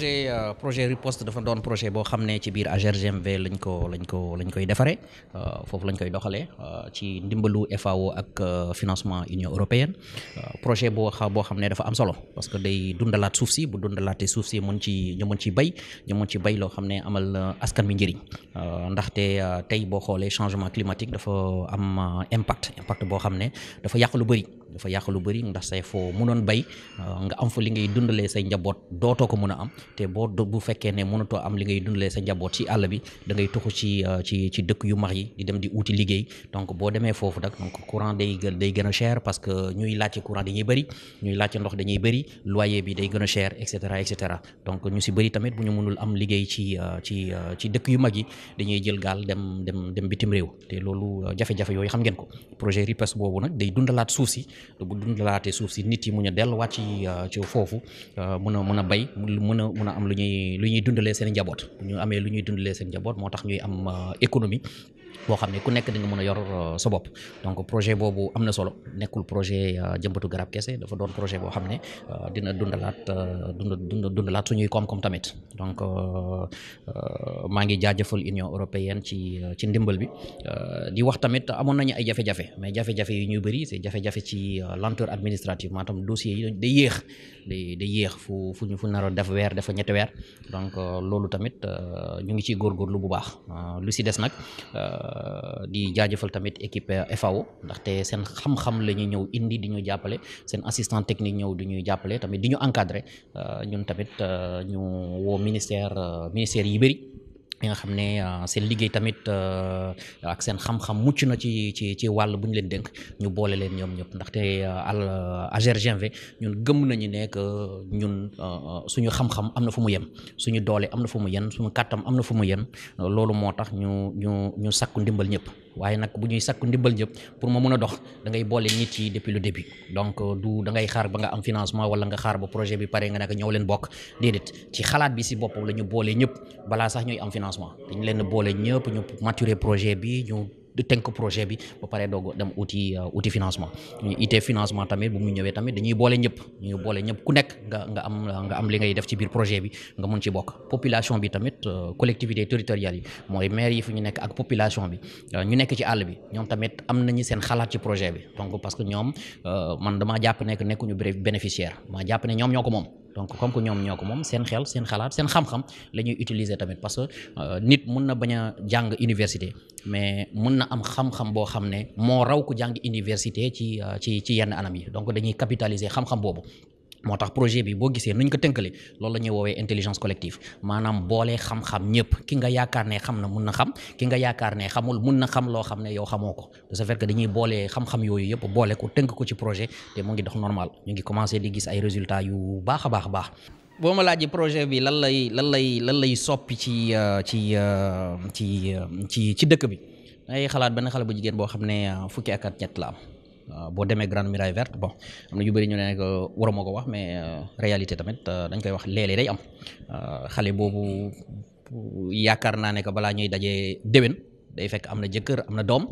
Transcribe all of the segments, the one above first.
projet euh, projet riposte dafa doon projet boo xam ne ci biir AGRGMV lañ ko lañ ko lañ koy defaree euh, foofu lañ koy doxalee euh, ci ndimbalu FAO ak financement Union européenne projet boo xa boo xam ne dafa am solo parce que day dundalaat suuf si bu dundalaate suuf si mën ci ñu mën ci bay ñu mën ci bay loo xam ne amal askan bi njëriñ ndaxte tey boo xoolee changement climatique dafa am impact impact boo xam ne dafa yàq lu bëri. dafa yàq lu bëri ndax say foo munoon bay euh, nga am fa li ngay dundalee say njaboot dootoo ko mën a am te boo bu fekkee ne mënatoo am li ngay dundalee sa njaboot ci àll bi da ngay tuxu ci euh, ci ci dëkk yu mag yi dem di uuti liggéey donc boo demee foofu nag donc day gën day gën a cher parce que ñuy laajte courant dañuy bëri ñuy laajte ndox dañuy bëri loyer bi day gën a cher et cetera et donc ñu si bëri tamit bu ñu mënul am liggéey ci euh, ci ci dëkk yu mag yi dañuy jël gaal dem dem dem bitim réew te loolu jafe-jafe yooyu xam ngeen ko projet RIPES boobu nag day dundalaat suuf si dundalaatee suuf si nit yi mun a dellu ci euh, ci foofu euh, mun a mun a bay mun a mun a am lu ñuy lu ñuy dundalee seen njaboot ñu amee lu ñuy dundalee seen njaboot moo tax ñuy am euh, économie boo xam ne ku nekk di nga mën a yor euh, sa bopp donc projet boobu am na solo nekkul projet euh, jëmbatu garab kese dafa doon projet boo xam ne euh, dina dundalaat dund dund dundalaat suñuy koom-koom tamit donc maa ngi jaajëfal Union européenne ci ci ndimbal bi di wax tamit amoon nañu ay jafe mais jafe-jafe ñu bëri c'est jafe-jafe ci lenteur administrative maanaam dossier yi day yéex day day yéex fu fu ñu fu nar def weer dafa ñetti weer donc loolu tamit ñu ngi ciy góorgóorlu bu baax lu si des nag di jaajëfal tamit équipe euh, FAO ndaxte seen xam-xam la ñuy ñëw indi di ñu jàppale seen assistant technique ñëw du ñuy jàppale tamit di ñu encadrer euh, ñun tamit euh, ñu woo ministère ministère yi bëri bi nga xam ne euh, seen liggéey tamit euh, ak seen xam-xam mucc na ci ci ci wàll bu ñu leen dénk ñu boole leen ñoom ñëpp ndaxte euh, al AGRGMV ñun gëm nañu nekk que ñun suñu xam-xam am na fu mu yem suñu doolee am na fu mu yem suñu kàttam am na fu mu yem loolu moo tax ñu ñu ñu sakku ndimbal ñëpp. waaye nag bu ñuy sakku ndimbal ñëpp pour ma mën a dox dangay ngay boole nit yi depuis le début donc du da ngay xaar ba nga am financement wala nga xaar ba projet bi pare nga nekk ñëw leen bokk déedéet ci xalaat bi si boppam la ñu boole ñëpp balaa sax ñuy am financement dañ leen boole ñëpp ñu maturer projet bi ñu tënk projet bi ba pare doog dem uti euh, uti financement ite financement tamit bu mu ñëwee tamit dañuy boole ñëpp ñu boole ñëpp ku nekk nga nga am li ngay def ci biir projet bi nga mën ci bokk population bi tamit euh, collectivité territoriale yi mooy maire yi fu ñu nekk ak population bi euh, ñu nekk ci àll bi ñoom tamit am nañu seen xalaat ci projet bi donc parce que ñoom man dama jàpp nekk nekkuñu bénéficiaire ma jàpp ne ñoom ñoo ko moom donc comme que ñoom ñoo ko moom seen xel seen xalaat seen xam-xam la ñuy utiliser tamit parce que euh, nit mun na bañ a jàng université mais mun na am xam-xam boo xam ne moo raw ku jàng université ci euh, ci ci yenn anam yi donc dañuy capitaliser xam-xam boobu moo tax projet bi boo gisee nuñ ko tënkale loolu la ñuy woowee intelligence collective maanaam boole xam-xam ñëpp ki nga yaakaar ne xam na mun na xam ki nga yaakaar ne xamul mun na xam loo xam ne yow xamoo ko de ce fait que dañuy boolee xam-xam yooyu yëpp boole ko tënk ko ci projet te mu ngi dox normal ñu ngi commencé di gis ay résultats yu baax a baax a baax. boo ma laajee projet bi lan lay lan lay lan lay soppi ci euh, ci euh, ci euh, ci ci dëkk bi dangay xalaat benn xale bu jigéen boo xam ne fukki ak at Euh, boo demee Grande Muraille Verte bo am na ñu bëri ñu ne nag waroo ma ko wax mais euh, réalité tamit euh, dañ koy wax léeg-léeg day am xale boobu yaakaar naa ne que balaa ñuy dajee déwén day fekk am na jëkkër am na doom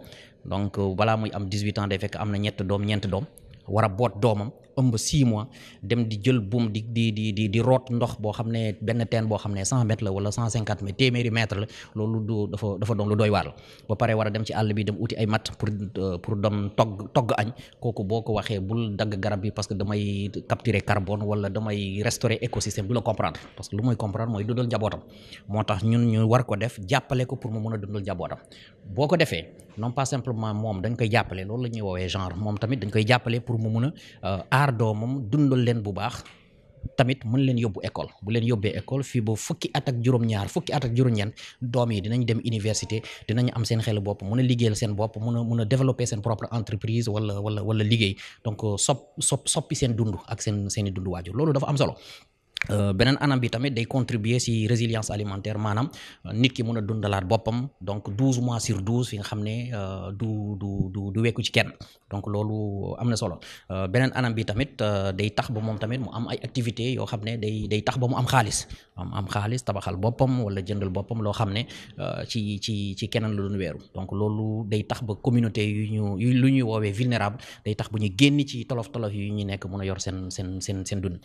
donc balaa muy am 18 ans day fekk am na ñett doom ñeent doom wara boot doomam. ëmb 6 mois dem di jël buum di di di di root ndox boo xam ne benn teen boo xam ne 100 mètres la loolu du dafa dafa lu doy waar la ba pare war a dem ci àll bi dem uti ay mat pour euh, dem togg añ kooku boo ko waxee bul dagg garab bi parce que damay capturer carbone wala damay restaurer écosystème du la comprendre parce que lu muy comprendre mooy dundal njabootam moo tax ñun ñu war ko def jàppale ko pour mu mën a dundal njabootam boo ko defee a euh, aar doomam dundal leen bu baax tamit mun leen yóbbu école bu leen yóbbee école fii ba fukki at ak juróom-ñaar fukki at ak juróom-ñeent doom yi dinañ dem université dinañ am seen xel bopp mën a liggéeyal seen bopp mun a mën a développer seen propre entreprise wala wala wala liggéey donc sop sop soppi seen dund ak seen seen i dund waajur loolu dafa am solo Euh, beneen anam bi tamit day contribuer si résilience alimentaire maanaam euh, nit ki mun a dundalaat boppam donc douze mois sur douze fi nga xam ne euh, du du du du wekku ci kenn donc loolu am na solo beneen anam bi tamit day tax ba moom tamit mu am ay activités yoo xam ne day day tax ba mu am xaalis am am xaalis tabaxal boppam wala jëndal boppam loo xam ne ci ci ci keneen la doon weeru donc loolu day tax ba communauté yu ñu yu lu ñuy woowee vulnérable day tax bu ñu génn ci tolof tolof yu ñu nekk mën a yor seen seen seen seen dund